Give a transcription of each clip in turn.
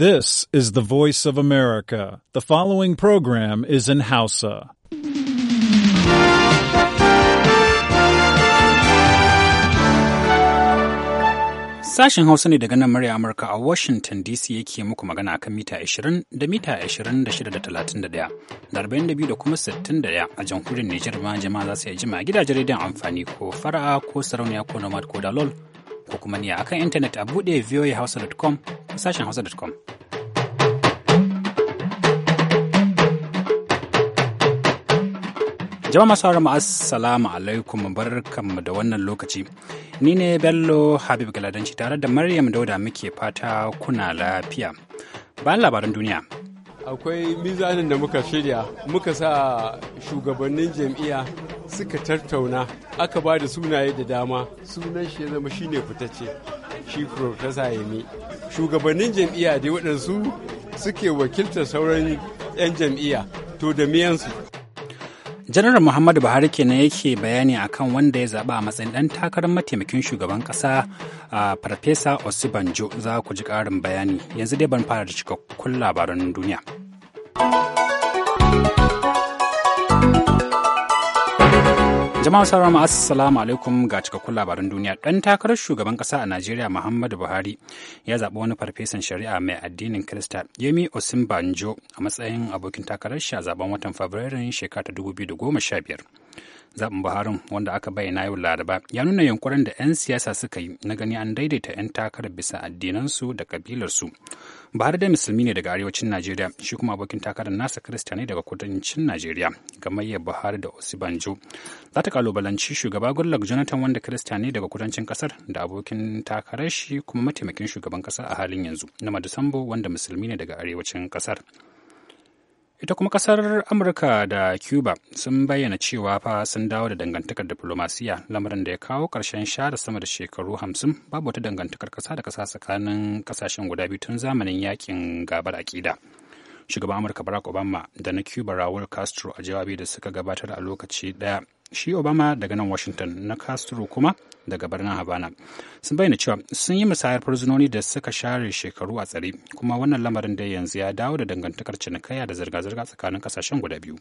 This is the voice of America. The following program is in Hausa. Sashen Hausa ne daga nan murya Amurka a Washington DC yake muku magana kan mita 20 da mita 26 da 31 da 42 da kuma 61 a jamhuriyar Nijar ma jama'a za su iya jima gidajen rediyon amfani ko fara'a ko sarauniya ko nomad ko dalol. ko kuma ni akan intanet a buɗe voahausa.com sashen hausa.com. Jama'a masu haramu assalamu alaikum barkanmu da wannan lokaci. Ni ne Bello Habib Galadanci tare da Maryam Dauda muke fata kuna lafiya. Bayan labaran duniya, akwai mizanin da muka shirya muka sa shugabannin jam'iyya suka tattauna aka ba da sunaye da dama sunan shi zama shine fitacce shi profesa yemi shugabannin jam'iyya dai waɗansu suke wakiltar sauran 'yan jam'iyya to da miyansu janar muhammadu buhari kenan yake bayani akan wanda ya zaɓa a matsayin ɗan takarar mataimakin shugaban ƙasa a farfesa osibanjo za ku ji ƙarin bayani yanzu dai ban fara da cikakkun labaran duniya. Jama'a sauran assalamu alaikum ga cikakkun labaran duniya. Ɗan takarar shugaban ƙasa a Najeriya Muhammadu Buhari ya zaɓi wani farfesan shari'a mai addinin Kirista Yemi Osinbanjo a matsayin abokin takarar shi a zaben watan Fabrairun shekara ta 2015. zaben buharin wanda aka bayyana yau laraba ya nuna yunkurin da 'yan siyasa suka yi na gani an daidaita 'yan takarar bisa addinansu da kabilarsu buhari da musulmi ne daga arewacin najeriya shi kuma abokin takarar nasa kirista ne daga kudancin najeriya gamayyar buhari da osibanjo za ta kalubalanci shugaba goodluck jonathan wanda kirista ne daga kudancin kasar da abokin takarar shi kuma mataimakin shugaban kasar a halin yanzu na sambo wanda musulmi ne daga arewacin kasar ita kuma kasar amurka da cuba sun bayyana cewa fa sun dawo da dangantakar diplomasiya lamarin da ya kawo ƙarshen sha da sama da shekaru hamsin babu wata dangantakar ƙasa da ƙasa tsakanin ƙasashen guda biyu tun zamanin yakin gabar aƙida shugaban amurka barack obama da na cuba raul castro a jawabi da suka gabatar a lokaci daya shi obama daga nan washington na castro kuma daga birnin habana sun bayyana cewa sun yi musayar farzinoni da suka share shekaru a tsare kuma wannan lamarin da yanzu ya dawo da dangantakar cinikayya da zirga-zirga tsakanin kasashen guda biyu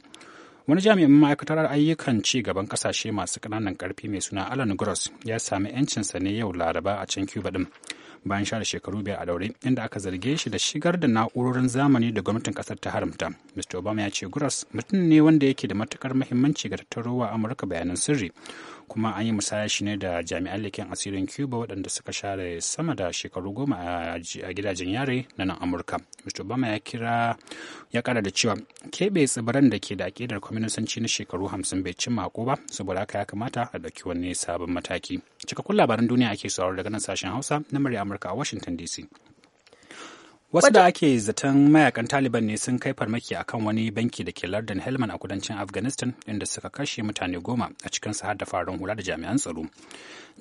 wani jami'in ma'aikatar ayyukan ci gaban kasashe masu ƙananan karfi mai suna alan gross ya sami 'yancinsa ne yau laraba a can cuba din bayan share shekaru biyar a daure inda aka zarge shi da shigar da na'urorin zamani da gwamnatin kasar ta haramta mr obama ya ce guras mutum ne wanda yake da matukar muhimmanci ga tattarowa amurka bayanan sirri kuma an yi musaya shi ne da jami'an leken asirin cuba waɗanda suka share sama da shekaru goma a gidajen yare na nan amurka mr obama ya kira ya kara da cewa keɓe tsibiran da ke da aƙidar kwaminisanci na shekaru hamsin bai cin mako ba saboda haka ya kamata a ɗauki wani sabon mataki cikakkun labaran duniya ake sauraro daga nan sashen hausa na murya amurka a washington dc Wasu da ake zaton mayakan Taliban ne sun kai farmaki kan wani banki da ke lardin Helman a kudancin Afghanistan inda suka kashe mutane goma a cikin har da farin hula da jami'an tsaro.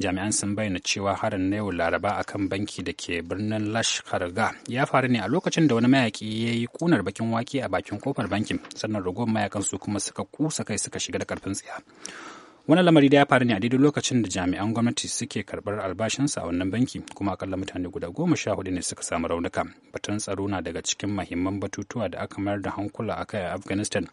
Jami'an sun bayyana cewa harin na yau Laraba kan banki da ke birnin Lashkarga ya faru ne a lokacin da wani mayaki ya yi kunar bakin wake a bakin kofar bankin sannan ragon mayakan su kuma suka kusa kai suka shiga da karfin tsiya. Wani lamari da ya faru ne a daidai lokacin da jami'an gwamnati suke karɓar albashinsa a wannan banki kuma akalla mutane guda goma sha hudu ne suka samu raunuka. Batun tsaro na daga cikin mahimman batutuwa da aka mayar da hankula a kai a Afghanistan.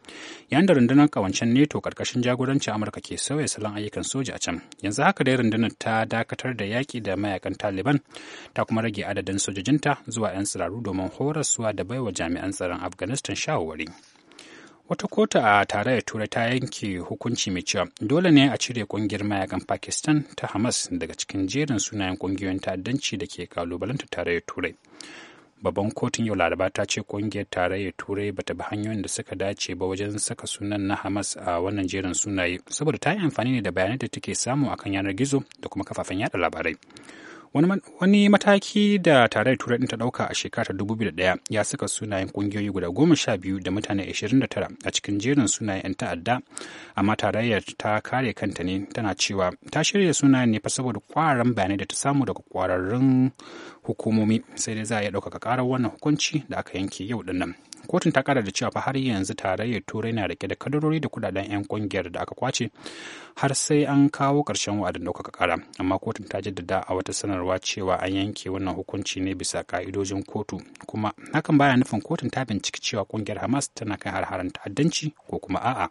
Yayin da rundunar kawancen NATO karkashin jagorancin Amurka ke sauya salon ayyukan soja a can. Yanzu haka dai rundunar ta dakatar da yaƙi da mayakan Taliban ta kuma rage adadin sojojinta zuwa 'yan tsiraru domin horaswa da baiwa jami'an tsaron Afghanistan shawarwari. wata kota a tarayyar turai ta yanke hukunci mai cewa dole ne a cire kungiyar mayakan pakistan ta hamas daga cikin jerin sunayen kungiyoyin ta'addanci da ke kalubalanta tarayyar turai babban kotun yau laraba ta ce kungiyar tarayyar turai bata bi hanyoyin da suka dace ba wajen saka sunan na hamas a wannan jerin sunaye saboda ta yi amfani ne da bayanai da take samu akan yanar gizo da kuma kafafen yada labarai wani mataki da tarayyar turai ta dauka a shekarar 2001 ya saka sunayen kungiyoyi guda goma sha biyu da mutane 29 a cikin jerin sunayen 'yan ta'adda amma tarayyar ta kare kanta ne tana cewa ta shirya sunayen ne fa saboda kwararan bayanai da ta samu daga kwararrun hukumomi sai dai za a iya ɗaukaka karar wannan hukunci da aka yanke yau dinnan kotun ta kara da cewa fa har yanzu tarayyar turai na rike da kadarori da kudaden 'yan kungiyar da aka kwace har sai an kawo ƙarshen wa'adin ɗaukaka kara amma kotun ta jaddada a wata sanar sanarwa cewa an yanke wannan hukunci ne bisa ka'idojin kotu kuma hakan baya nufin kotun ta binciki cewa kungiyar hamas tana kai har-haren ta'addanci ko kuma a'a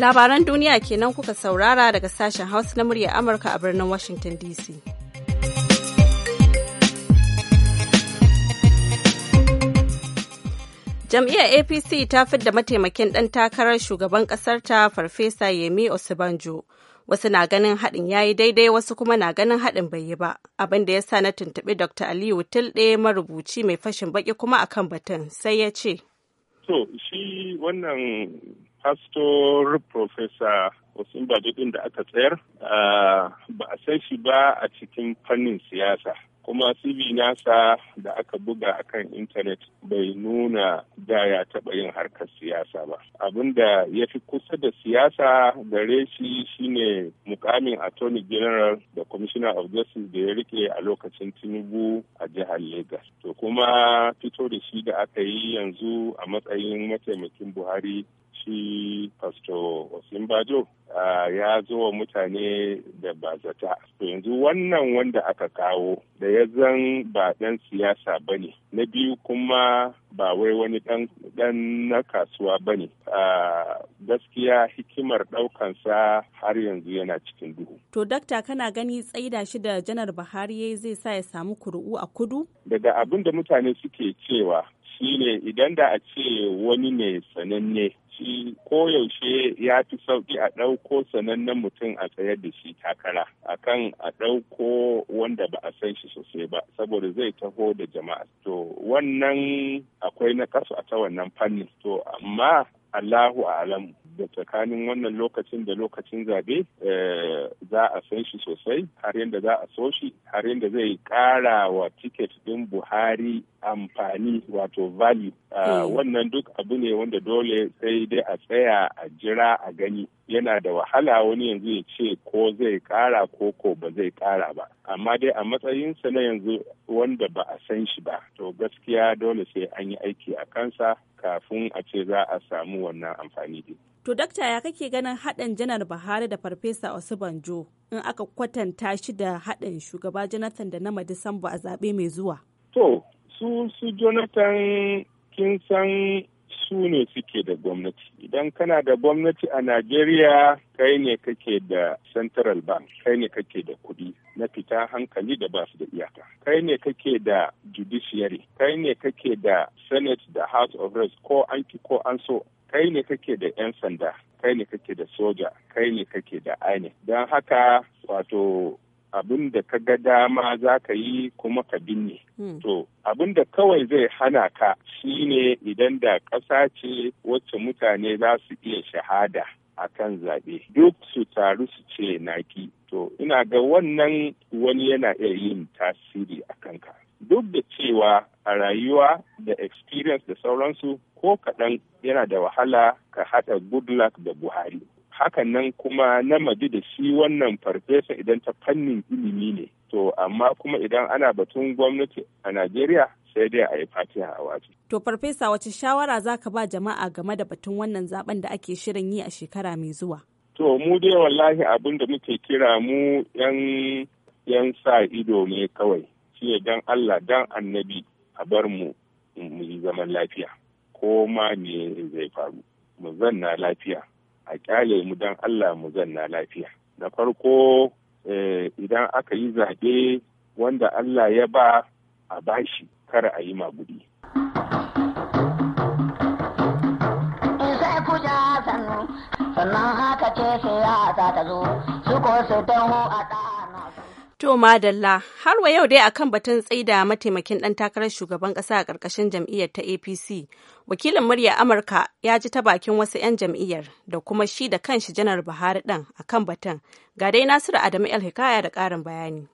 Labaran duniya kenan kuka saurara daga sashen Hausa na murya Amurka a birnin Washington DC. Jam'iyyar APC ta da mataimakin ɗan takarar shugaban ƙasarta Farfesa Yemi Osibanjo. Wasu na ganin haɗin ya yi daidai wasu kuma na ganin haɗin bai yi ba, abin da ya sa na tuntuɓi Dr. Aliyu Tilde marubuci mai fashin baƙi kuma akan batun sai ya ce. To, shi wannan pastor Professor Osimbajo ɗin da aka tsayar, ah, ba a san shi ba a cikin fannin siyasa. kuma cv nasa da aka buga a kan intanet bai nuna da ya taɓa yin harkar siyasa ba abin da ya fi kusa da siyasa gare shi shine mukamin attorney general da commissioner of justice da ya rike a lokacin tinubu a jihar lagos to kuma fito da shi da aka yi yanzu a matsayin mataimakin buhari shi pastor osimbajo ya zo wa mutane da ba zata to yanzu wannan wanda aka kawo da ya zan ba ɗan siyasa ba ne na biyu kuma ba wai wani ɗan na kasuwa ba ne gaskiya hikimar ɗaukansa har yanzu yana cikin duhu to dakta kana gani tsaida shi da janar buhari zai sa ya samu kuru'u a kudu daga abin da mutane suke cewa ne idan da a ce wani ne sananne shi koyaushe ya fi sauki a ɗauko sanannen mutum a tsayar da shi takara akan a ɗauko wanda ba a san shi sosai ba saboda zai taho da jama'a to wannan akwai na kasu a ta wannan fannin to amma Allahu alam da tsakanin wannan lokacin da lokacin zabe eh, za a san shi sosai har yadda za a so shi har yadda zai kara wa tiket din Buhari amfani wato value ah, hmm. wannan duk abu ne wanda dole sai dai a tsaya a jira a gani yana da wahala wani yanzu ya ce ko zai kara ko ko ba zai kara ba amma dai a matsayinsa na yanzu wanda ba a san shi ba to gaskiya dole sai an yi aiki a kansa kafin a ce za a samu wannan amfani din To dakta ya kake ganin haɗin janar bahari da Farfesa Osibanjo in aka kwatanta shi da haɗin shugaba Jonathan da na Disamba a zaɓe mai zuwa? To, su su jonathan kin san su ne suke da gwamnati idan kana da gwamnati a najeriya kai ne kake da central bank kai ne kake da kudi na fita hankali da basu da iyaka kai ne kake da judiciary kai ne kake da senate da house of reps ko an ki ko an so kai ne kake da 'yan sanda kai ne kake da soja kai ne kake da aini don haka wato abin da ka ga dama za ka yi kuma ka binne. Hmm. To, abin da kawai zai hana ka shine idan da ƙasa ce wacce mutane za su iya shahada a kan zaɓe. Duk su taru su ce naki. To, ina ga wannan wani yana iya yin tasiri a kanka. Duk da cewa a rayuwa da experience da sauransu ko kaɗan yana da wahala ka haɗa good luck da Buhari. hakanan kuma namadi da shi wannan farfesa idan ta fannin ilimi ne to amma kuma idan ana batun gwamnati a najeriya sai dai a yi fatiha a waje. to farfesa wace shawara za ka ba jama'a game da batun wannan zaben da ake shirin yi a shekara mai zuwa to mu dai wallahi abin da muke kira mu yan yan sa ido ne kawai shi dan allah dan annabi a bar mu mu yi zaman lafiya ko ma me zai faru mu zanna lafiya a kyale mu don Allah mu zanna lafiya. Da farko eh, idan aka yi zaɓe wanda Allah ya ba a bashi kar a yi magudi. sannan haka ce sai ya ta zo su ko su taho a ɗaya. To madalla har wa yau dai akan batun tsaida mataimakin ɗan takarar shugaban ƙasa a ƙarƙashin jam'iyyar ta APC. Wakilin murya Amurka ya ji ta bakin wasu 'yan jam'iyyar da kuma shi da kanshi janar Buhari ɗin akan batun. Ga dai Nasiru Adamu El Hikaya da ƙarin bayani.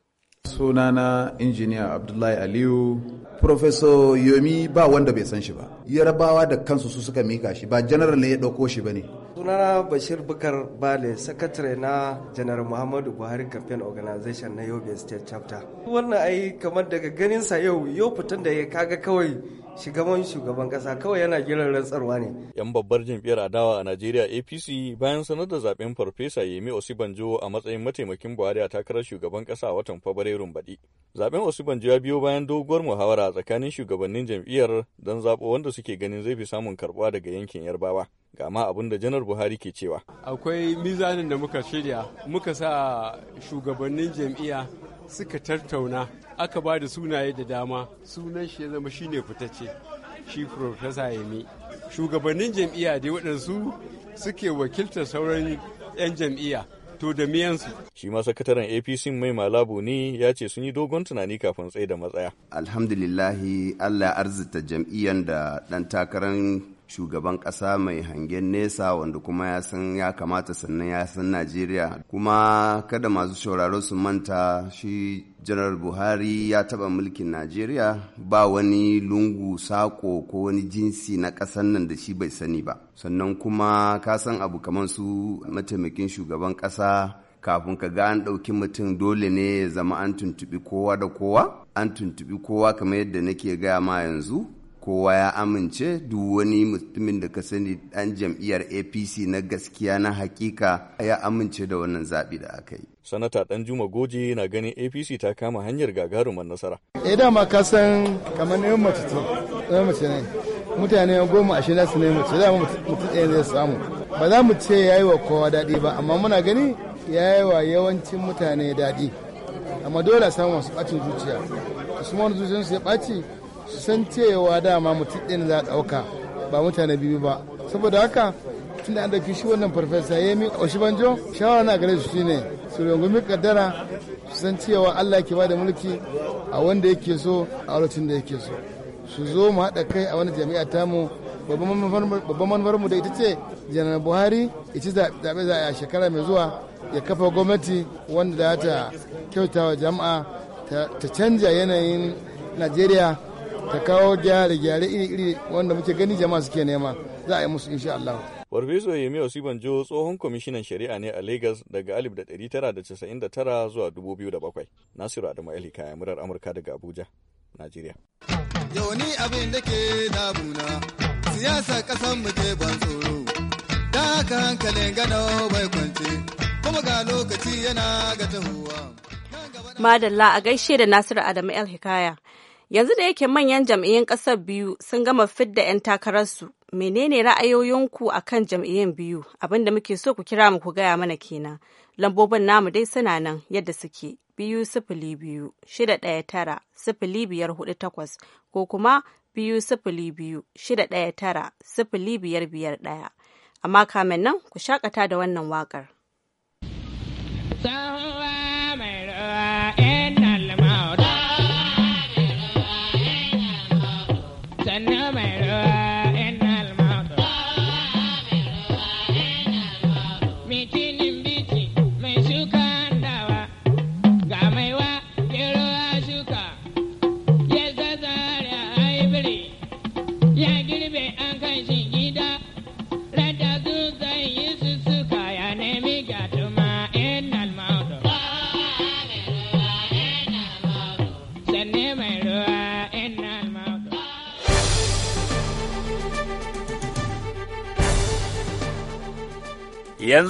sunana injiniya abdullahi aliyu professor yomi ba wanda bai san shi ba yarabawa da kansu su suka mika shi ba general ne ya ɗauko shi ba ne sunana bashir bukar bale sakatare na janar muhammadu buhari campaign organization na yobe state chapter wannan ai kamar daga ganinsa yau yau fitan da ya kaga kawai shugaban shugaban kasa kawai yana giran rantsarwa ne. Yan babbar jam'iyyar adawa a Najeriya APC bayan sanar da zaben Farfesa Yemi Osibanjo a matsayin mataimakin Buhari a takarar shugaban kasa watan Fabrairun baɗi. Zaben Osibanjo ya biyo bayan doguwar muhawara tsakanin shugabannin jam'iyyar don zaɓo wanda suke ganin zai fi samun karɓuwa daga yankin Yarbawa. Ga ma da Janar Buhari ke cewa. Akwai mizanin da muka shirya muka sa shugabannin jam'iyya suka tattauna aka ba da sunaye da dama sunan shi ya zama shine fitacce shi profesa yemi shugabannin jam'iyya dai waɗansu suke wakiltar sauran 'yan jam'iyya to da miyansu. Shi ma sakataren APC mai malabu ne ya ce sun yi dogon tunani kafin tsaye da matsaya. Alhamdulillahi Allah arzita jam'iyyan da ɗan takarar shugaban ƙasa mai hangen nesa wanda kuma ya san ya kamata sannan ya san Najeriya. Kuma kada masu sauraro su manta shi janar buhari ya taba mulkin najeriya ba wani lungu sako ko wani jinsi na kasan nan da shi bai sani ba sannan kuma ka san abu kamar su mataimakin shugaban kasa kafin ka ga an ɗauki mutum dole ne ya zama an tuntuɓi kowa da kowa an tuntuɓi kowa kamar yadda nake gaya ma yanzu kowa ya amince duk wani mutumin da ka sani dan jam'iyyar apc na gaskiya na hakika ya amince da wannan zaɓi da aka yi sanata dan juma goje na ganin apc ta kama hanyar gagarumar nasara eh ma ka san kamar ne mace ce mace ne mutane goma ashirin su ne mace da mutum ɗaya zai samu ba za mu ce ya yi wa kowa daɗi ba amma muna gani ya yi wa yawancin mutane daɗi amma dole a samu masu ɓacin zuciya su ma wani zuciyarsu ya ɓaci su san cewa dama mutum ɗin za a ɗauka ba mutane biyu ba saboda haka tunda an ɗauki shi wannan farfesa ya mi banjo shawara na gare su shine su rungumi kaddara su san cewa allah ke bada mulki a wanda yake so a lokacin da yake so su zo mu haɗa kai a wani jami'a tamu babban manufar mu da ita ce janar buhari ita zaɓe za a shekara mai zuwa ya kafa gwamnati wanda za ta kyautawa jama'a ta canja yanayin najeriya ta kawo gyare-gyare iri-iri wanda muke gani jama'a suke nema za a yi musu insha Allah. Warbezo Yemi jo tsohon kwamishinan shari'a ne a Lagos daga 1999 zuwa 2007. Nasiru Adamu Ali kaya murar Amurka daga Abuja, Najeriya. Yau ni abin da ke damuna siyasa kasan mu ke ban tsoro. Da haka hankalin gano bai kwance kuma ga lokaci yana ga tahowa. Madalla a gaishe da Nasiru Adamu El Hikaya. Yanzu da yake manyan jam'iyyun ƙasar biyu sun gama fidda 'yan takararsu, menene ra'ayoyinku a kan jam'iyyun biyu? Abin da muke so ku kira mu ku gaya mana kenan. Lambobin namu dai suna nan yadda suke. Biyu sifili biyu, shida ɗaya tara, sifili biyar hudu takwas, ko kuma biyu sifili biyu, shida ɗaya tara, sifili biyar biyar ɗaya. Amma kamin nan ku shakata da wannan waƙar.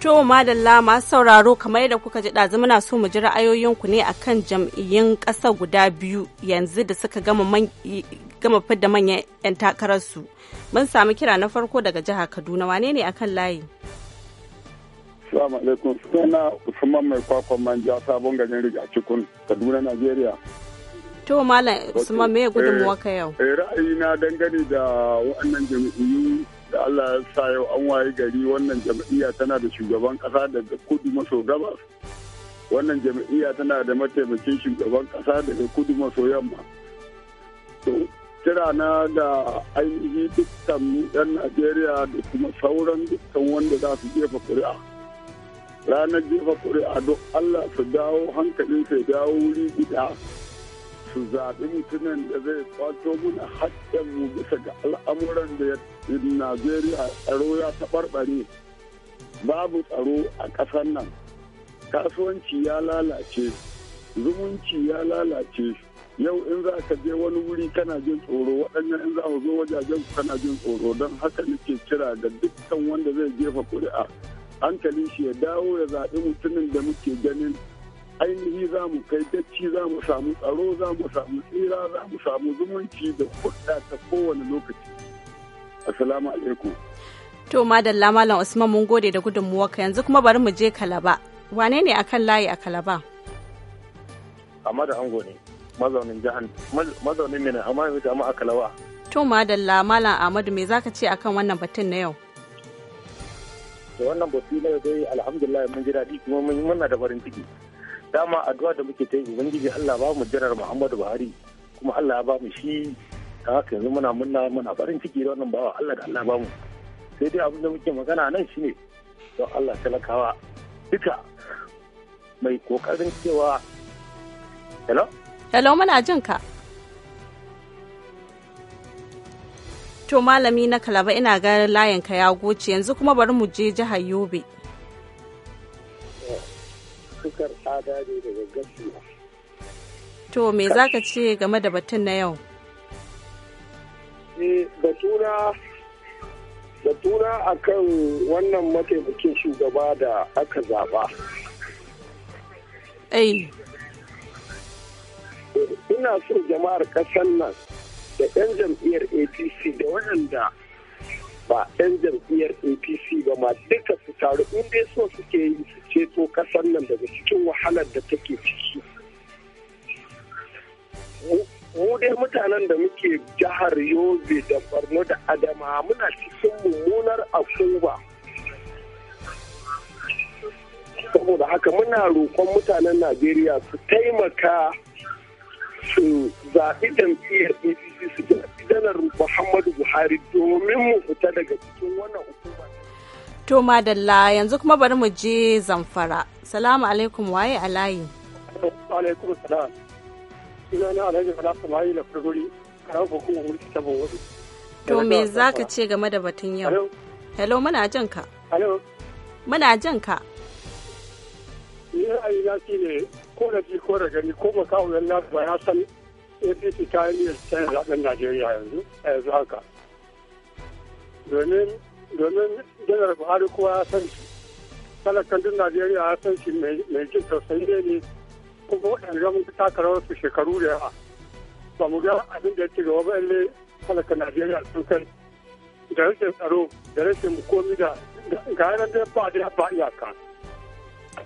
To madalla masu sauraro kamar yadda kuka ji ɗazu muna so mu ji ra'ayoyinku ne akan jam'iyyun ƙasa guda biyu yanzu da suka gama fidda manyan 'yan takararsu. Mun sami kira na farko daga jihar Kaduna wane ne akan layi? Salamu alaikum suna Usman mai kwakwan manja sabon garin Riga cikin Kaduna Najeriya. To Malam Usman me gudunmuwa ka eh, yau? Eh, Ra'ayi na dangane da waɗannan jam'iyyu da Allah ya sa yau an waye gari wannan jam'iyya tana da shugaban kasa daga kudu maso gabas wannan jam'iyya tana da mataimakin shugaban kasa daga kudu maso yamma to kira na da ainihi dukkan yan najeriya da kuma sauran dukkan wanda za su jefa kuri'a ranar jefa kuri'a don allah su dawo hankalinsa sai dawo wuri gida su zaɓi mutumin da zai kwato mana mu bisa ga al'amuran da Najeriya tsaro ya taɓarɓare. Babu tsaro a ƙasar nan. Kasuwanci ya lalace, zumunci ya lalace. Yau in za ka je wani wuri kana jin tsoro, waɗannan in za ku zo wajajen kana jin tsoro don haka nake kira ga dukkan wanda zai jefa ƙuri'a. hankali shi ya dawo ya zaɓi mutumin da muke ganin ainihi za mu kai dacci za mu samu tsaro za mu samu tsira za mu samu zumunci da kudda ta kowane lokaci assalamu alaikum to madalla malam usman mun gode da ka yanzu kuma bari mu je kalaba wane ne akan layi a kalaba amadu ango ne mazaunin jihar mazaunin ne amma yanzu a Kalaba. to madalla malam amadu me zaka ce akan wannan batun na yau da wannan batu na yau dai alhamdulillah mun ji daɗi kuma muna da farin ciki dama addu'a da muke ta yi ubangiji Allah ba mu jirar Muhammadu Buhari kuma Allah ya ba mu shi ta haka yanzu muna muna muna farin ciki da wannan bawa Allah da Allah ba mu sai dai abin da muke magana nan shine don Allah talakawa duka mai kokarin cewa hello hello muna jin ka to malami na kalaba ina ga layin ya goce yanzu kuma bari mu je jihar Yobe matukar tsada ne daga gaskiya. To me za ka ce game da batun na yau? Eh, Batuna a kan wannan mataimakin shugaba da aka zaba. Ai. Ina so jama'ar ƙasar nan da 'yan jam'iyyar APC da waɗanda ba 'yan jam'iyyar APC ba ma duka su taru in so suke yi su ceto kasar nan daga cikin wahalar da take ciki mu dai mutanen da muke jihar yobe da borno da adama muna cikin mummunar akuba saboda haka muna roƙon mutanen najeriya su taimaka su zaɓi jam'iyyar apc su janar muhammadu buhari domin mu fita daga cikin wannan hukuma To madalla yanzu kuma bari mu je zamfara. Salamu alaikum waye a layi. Alaikum salam. Ina na alhaji bala samayi da furguri karan hukumar mulki ta bawari. To me za ka ce game da batun yau? Hello muna jan ka. Hello. Muna jin ka. Ni ra'ayi na shi ne ko da ji ko da gani ko ba kawo yan lafi ba ya san APC ta yi niyyar canza zaben Najeriya yanzu a yanzu haka. Domin domin janar buhari kowa ya san shi talakan duk najeriya ya san shi mai jin tausayi ne ne kuma waɗanda mun taka rawar su shekaru da yawa ba mu ga abin da ya ci gaba ba ne talakan najeriya sun kai da rashin tsaro da rashin komi da ga yanar da ba da ba iyaka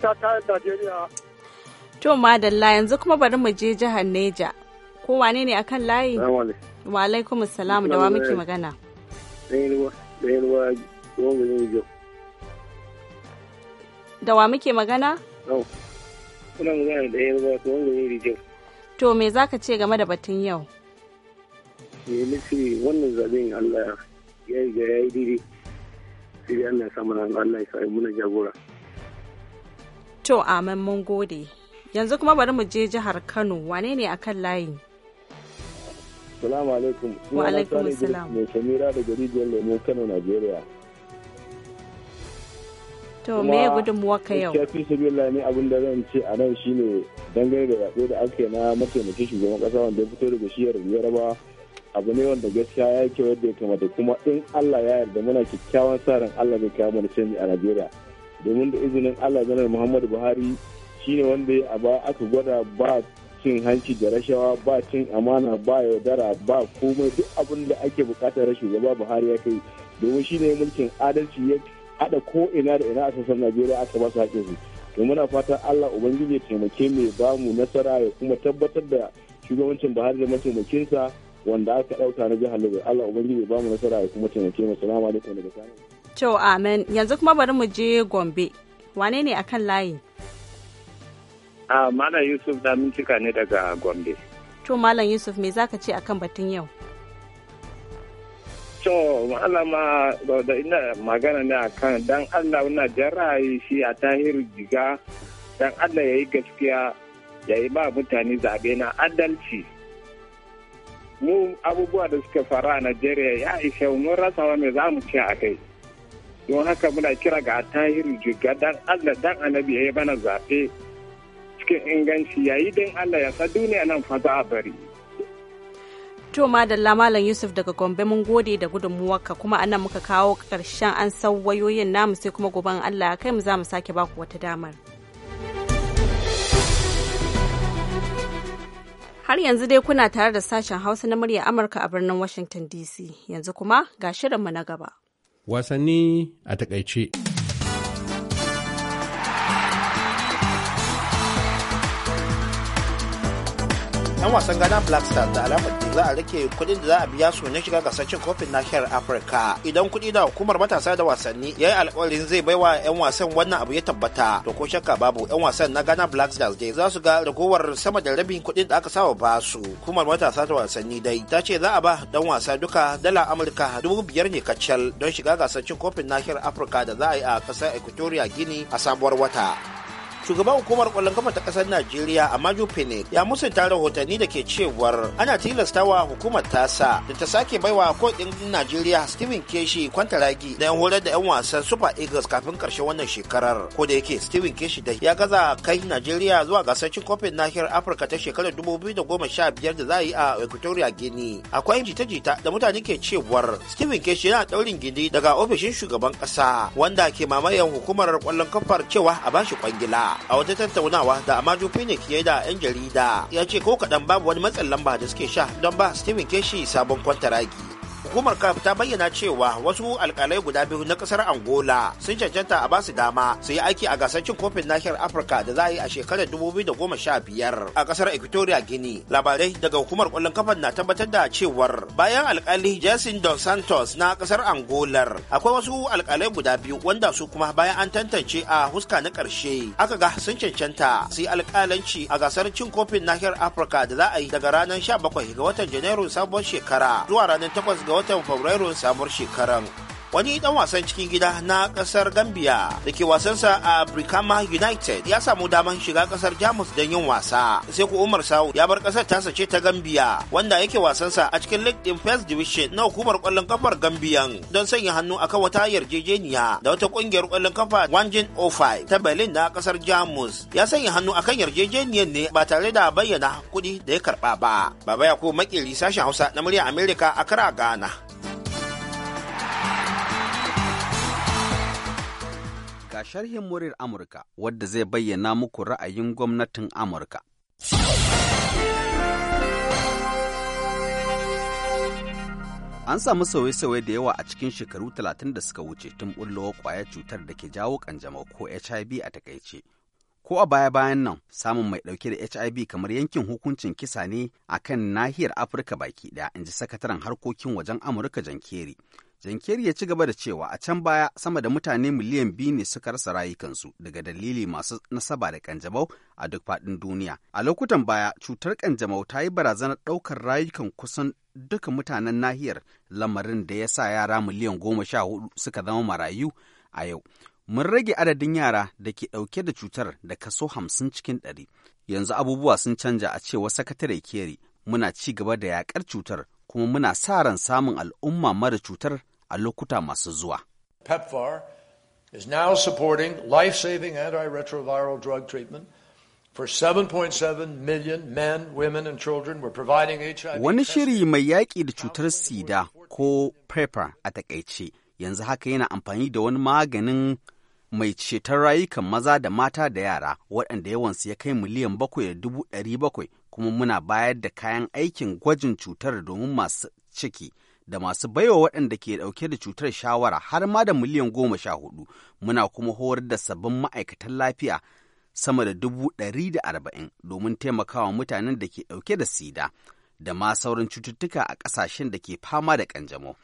ta kayan najeriya to madalla yanzu kuma bari mu je jihar neja ko wane ne akan layi wa alaikum assalam da wa muke magana ɗayan ruwa ne Da wa muke magana? Kuna magana da ɗayan ruwa ruwan gani rijiyar. To me za ka ce game da batun yau? ne nufi wannan zaɓen Allah ya yi ga ya yi didi. Sai da Allah ya samu Allah ya samu muna jagora. To amen mun gode. Yanzu kuma bari mu je jihar Kano wane ne akan layi? Salamu alaikum. Wa alaikum salam. Mai samira daga rijiyar lemo Kano, Najeriya. To me ya gudun ka yau? Ya sabi sabila ne abin da zan ce a nan shine dangane da yaɗo da aka yi na mataimakin shugaban ƙasa wanda ya fito daga shiyar Yaraba abu ne wanda gaskiya ya kyau yadda ya kamata kuma in Allah ya yarda muna kyakkyawan sa ran Allah zai kawo mana canji a Najeriya domin da izinin Allah zanar Muhammadu Buhari shine wanda ya ba aka gwada ba cin hanci da rashawa ba cin amana ba yaudara ba komai duk abin da ake bukatar shugaba buhari ya kai domin shi ne mulkin adalci ya hada ko ina da ina a sassan najeriya aka ba su haƙin su to muna fatan allah ubangiji ya taimake mai ba mu nasara ya kuma tabbatar da shugabancin buhari da mataimakinsa wanda aka ɗauka na jihar lagos allah ubangiji ya ba mu nasara ya kuma taimake mu salamu alaikum daga to amen yanzu kuma bari mu je gombe wane ne akan layi. Uh, Malam Yusuf da cika ne daga Gombe. To Malam Yusuf me zaka ce akan batun yau? To Malama ah, da ina magana ne akan dan Allah na jarayi shi a tahir jiga dan Allah ya yi gaskiya ya yi ba mutane zaɓe na adalci. Mu abubuwa da suka faru a Najeriya ya ishe mun rasa me za mu ce a kai. Don haka muna kira ga tahir jiga dan Allah dan annabi ya yi bana zaɓe. cikin inganci yayi don Allah ya sa duniya nan fa a bari. To madalla Malam Yusuf daga Gombe mun gode da gudunmuwarka kuma anan muka kawo ƙarshen an san wayoyin namu sai kuma gobe Allah kai mu za mu sake baku wata damar. Har yanzu dai kuna tare da sashen Hausa na murya Amurka a birnin Washington DC yanzu kuma ga shirinmu na gaba. Wasanni a takaice. 'yan wasan ghana black stars da alamar da za a rike kudin da za a biya su na shiga gasar cin kofin nahiyar afirka idan kudi da hukumar matasa da wasanni ya yi alkawarin zai baiwa 'yan wasan wannan abu ya tabbata to ko shakka babu 'yan wasan na ghana black stars dai za su ga ragowar sama da rabin kudin da aka saba ba su hukumar matasa da wasanni dai ta ce za a ba dan wasa duka dala amurka dubu biyar ne kacal don shiga gasar kofin nahiyar afirka da za a yi a kasar equatoria Guinea a sabuwar wata shugaban hukumar kwallon kafa ta kasar najeriya amaju pene ya musanta rahotanni da ke cewar ana tilastawa hukumar tasa da ta sake baiwa kodin najeriya steven keshi kwantaragi da yan horar da yan wasan super eagles kafin karshen wannan shekarar ko da yake steven keshi da ya gaza kai najeriya zuwa gasar cin kofin nahiyar afirka ta shekarar 2015 da za a yi a equatoria guinea akwai jita-jita da mutane ke cewar steven keshi yana daurin gini daga ofishin shugaban kasa wanda ke mamayen hukumar kwallon kafar cewa a bashi kwangila a wata tattaunawa da Amaju Phoenix ya da 'yan jarida ya ce ko kaɗan babu wani matsin lamba da suke sha don ba Stephen Keshi sabon kwantaragi. hukumar kaf ta bayyana cewa wasu alkalai guda biyu na kasar angola sun cancanta a basu dama su yi aiki a gasar cin kofin nahiyar afirka da za a yi a shekarar da goma sha biyar a kasar equatoria guinea labarai daga hukumar kwallon kafan na tabbatar da cewar bayan alkali jason dos santos na kasar Angola. akwai wasu alkalai guda biyu wanda su kuma bayan an tantance a huska na karshe aka ga sun cancanta su yi alkalanci a gasar cin kofin nahiyar afirka da za a yi daga ranar sha bakwai ga watan Janairu sabon shekara zuwa ranar 8 ga ga watan fabrairu sabuwar shekaran wani dan wasan cikin gida na kasar gambia da ke wasansa a brikama united ya samu damar shiga kasar jamus don yin wasa sai ku umar sau ya bar kasar tasa ce ta gambia wanda yake wasansa a cikin league din first division na hukumar kwallon kafar gambiyan don sanya hannu akan wata yarjejeniya da wata kungiyar kwallon kafa wanjin o5 ta berlin na kasar jamus ya sanya hannu akan yarjejeniyar ne ba tare da bayyana kuɗi da ya karɓa ba baba yakubu makili sashen hausa na murya amerika a kara ghana A sharhin murir Amurka wadda zai bayyana muku ra'ayin gwamnatin Amurka. An samu sauye-sauye da yawa a cikin shekaru talatin da suka wuce tun bullowa kwayar cutar da ke jawo kanjamau ko HIV a takaice. Ko a baya-bayan nan, samun mai ɗauke da HIV kamar yankin hukuncin kisa ne a kan nahiyar Afirka baki ɗaya, in ji sakataren harkokin wajen Amurka jankeri Kerry, Jankeri ya ci gaba da cewa a can baya sama da mutane miliyan biyu ne suka rasa rayukansu daga dalili masu nasaba da kanjamau a duk faɗin duniya. A lokutan baya cutar kanjamau ta yi barazanar ɗaukar rayukan kusan duka mutanen nahiyar lamarin da ya sa yara miliyan goma sha hudu suka zama marayu a yau. Mun rage adadin yara da ke ɗauke da cutar da kaso hamsin cikin ɗari. Yanzu abubuwa sun canja a cewa sakatare Keri muna ci gaba da yaƙar cutar kuma muna sa ran samun al'umma mara cutar a lokuta masu zuwa. PEPFAR is now supporting life-saving antiretroviral drug treatment For 7.7 million men, women, and children, we're providing HIV. Wani shiri mai yaƙi da cutar sida ko PrEPA a takaice, yanzu haka yana amfani da wani maganin mai ceton rayukan maza da mata da yara waɗanda yawansu ya kai miliyan bakwai da dubu ɗari bakwai kuma muna bayar da kayan aikin gwajin cutar domin masu ciki da masu baiwa waɗanda ke ɗauke da cutar shawara har ma da miliyan goma sha hudu muna kuma horar da sabbin ma'aikatan lafiya sama da dubu ɗari da arba'in domin taimakawa mutanen da ke ɗauke da sida da ma sauran cututtuka a ƙasashen da ke fama da ƙanjamo,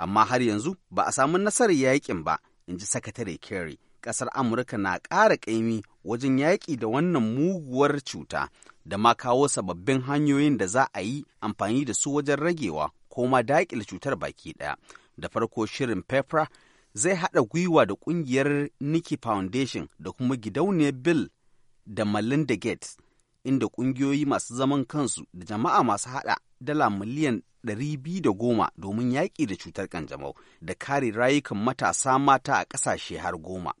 Amma har yanzu ba a samu nasarar yaƙin ba, in ji Sakatare Kerry. ƙasar Amurka na ƙara ƙaimi wajen yaƙi da wannan muguwar cuta da ma kawo sababbin hanyoyin da za a yi amfani da su wajen ragewa ko ma daƙile cutar baki ɗaya. Da farko shirin PEPRA zai haɗa gwiwa da ƙungiyar Nikki Foundation da kuma gidauniyar Bill da Melinda Gates, inda ƙungiyoyi masu zaman kansu da jama'a masu haɗa dala miliyan 210 domin yaƙi da cutar ƙanjamau da kare rayukan matasa mata a ƙasashe har goma.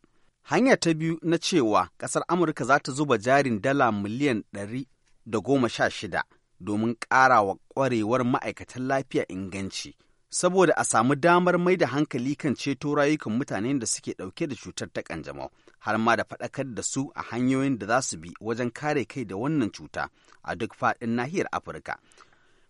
Hanya ta biyu na cewa ƙasar Amurka za ta zuba jarin dala miliyan ɗari da goma sha shida domin ƙara wa ƙwarewar ma'aikatan lafiya inganci, saboda a samu damar mai da hankali kan ceto rayukan mutanen da suke ɗauke da cutar ta ƙanjamau, har ma da faɗakar da su a hanyoyin da za su bi wajen kare kai da wannan cuta a duk faɗin nahiyar Afirka.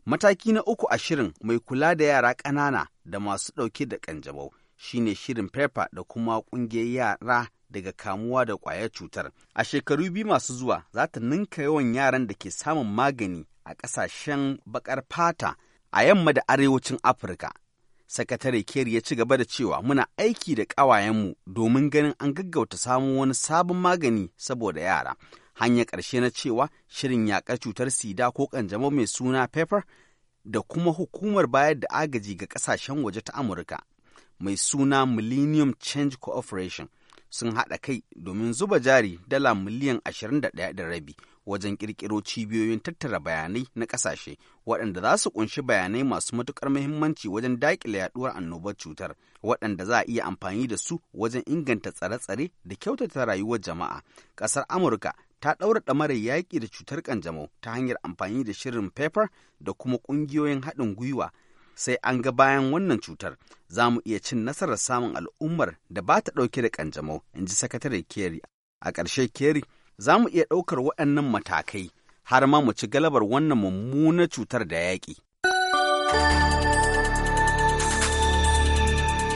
Mataki na uku a shirin mai kula da yara ƙanana da masu ɗauke da ƙanjamau shine shirin PEPA da kuma ƙungiyar yara daga kamuwa da ƙwayar cutar. A shekaru biyu masu zuwa za ta ninka yawan yaran da ke samun magani a ƙasashen baƙar fata a yamma da arewacin Afirka. Sakatare Kerry ya ci gaba da cewa muna aiki da ƙawayenmu domin ganin an gaggauta samun wani sabon magani saboda yara. Hanyar ƙarshe na cewa shirin yaƙar cutar sida ko ƙanjamau mai suna pepper da kuma hukumar bayar da agaji ga ƙasashen waje ta Amurka mai suna Millennium Change Cooperation sun haɗa kai domin zuba jari dala miliyan ashirin da ɗaya da rabi wajen ƙirƙiro cibiyoyin tattara bayanai na ƙasashe waɗanda za su ƙunshi bayanai masu matuƙar muhimmanci wajen daƙile yaɗuwar annobar cutar waɗanda za a iya amfani da su wajen inganta tsare-tsare da kyautata rayuwar jama'a ƙasar amurka ta ɗaura mara yaƙi da cutar ƙanjamau ta hanyar amfani da shirin pepper da kuma ƙungiyoyin haɗin gwiwa sai an ga bayan wannan cutar za mu iya cin nasarar samun al'ummar da ba ta ɗauke da ƙanjamau in ji sakatare keri a ƙarshe keri za mu iya ɗaukar waɗannan matakai har ma mu ci galabar wannan mummuna cutar da yaƙi.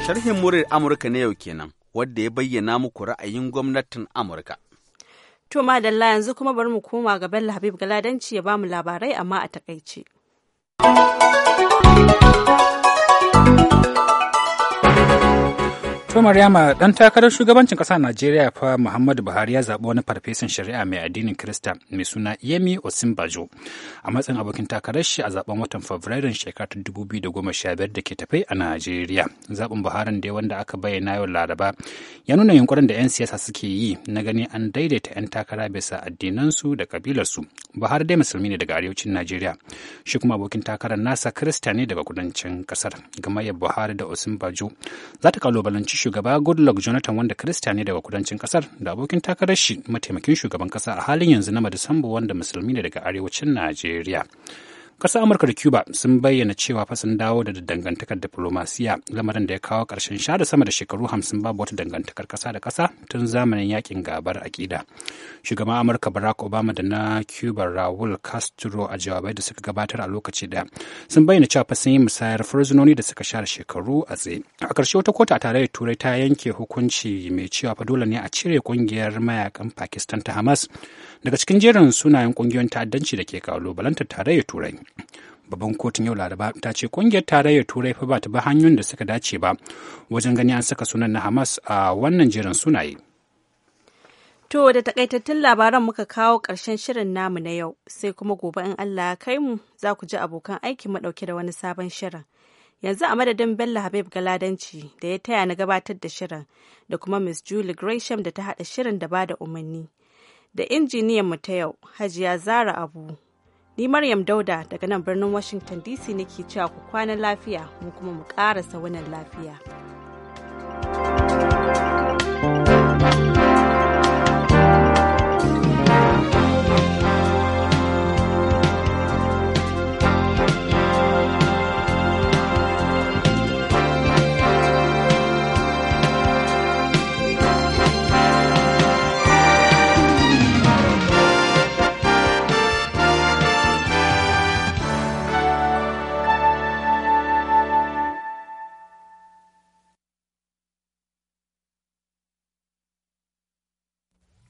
Sharhin murar Amurka na yau kenan, wadda ya bayyana muku ra'ayin gwamnatin Amurka. To madalla yanzu kuma bari mu koma ga Bello Habib Galadanci ya ba mu labarai amma a takaice. To Maryama ɗan takarar shugabancin ƙasar Najeriya fa Muhammadu Buhari ya zaɓi wani farfesan shari'a mai addinin Kirista mai suna Yemi Osinbajo a matsayin abokin takarar shi a zaben watan Fabrairun shekarar ta 2015 da ke tafai a Najeriya. Zaɓin Buharin da wanda aka bayyana yau Laraba ya nuna yunkurin da 'yan siyasa suke yi na gani an daidaita 'yan takara bisa addinansu da kabilarsu. Buhari dai musulmi ne daga arewacin Najeriya. Shi kuma abokin takarar nasa Kirista ne daga kudancin ƙasar. Gamayyar Buhari da Osinbajo za ta kalubalanci shugaba goodluck jonathan wanda krista ne daga kudancin kasar da abokin takarar shi mataimakin shugaban kasa a halin yanzu na madisambu wanda musulmi ne daga arewacin najeriya ƙasar amurka da cuba sun bayyana cewa fa sun dawo da dangantakar diplomasiya lamarin da ya kawo ƙarshen sha da sama da shekaru hamsin babu wata dangantakar ƙasa da ƙasa tun zamanin yakin gabar aƙida shugaban amurka barack obama da na cuba raul castro a jawabai da suka gabatar a lokaci da sun bayyana cewa fa sun yi musayar fursunoni da suka share shekaru a tsaye a ƙarshe wata kota a tarayyar turai ta yanke hukunci mai cewa fa dole ne a cire ƙungiyar mayakan pakistan ta hamas daga cikin jerin sunayen ƙungiyoyin ta'addanci da ke kalubalantar tarayyar turai babban kotun yau laraba ta ce kungiyar tarayyar turai fa ba ta bi hanyoyin da suka dace ba wajen gani an saka sunan na hamas a wannan jerin sunaye to da takaitattun labaran muka kawo ƙarshen shirin namu na yau sai kuma gobe in allah ya kai mu za ku ji abokan aiki mu ɗauke da wani sabon shirin yanzu a madadin bello habib galadanci da ya taya na gabatar da shirin da kuma miss julie gresham da ta haɗa shirin da ba da umarni da injiniyan mu ta yau hajiya zara abu Ni Maryam Dauda daga nan birnin Washington DC nake cewa ku kwana lafiya mu kuma mu ƙara wannan lafiya. thank